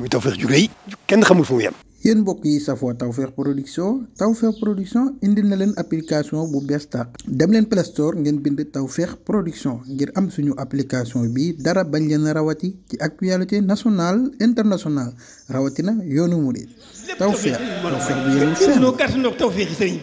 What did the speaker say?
muy Tawfekh ju rëy kenn xamul fu mu yi safoo Tawfekh production Tawfekh na leen application bu bees tàq dem leen Play Store ngeen bind Tawfekh production ngir am suñu application bi dara bañ leen rawati ci actualité nationale internationale rawatina yoonu murid Tawfekh Tawfekh bu yemul fenn.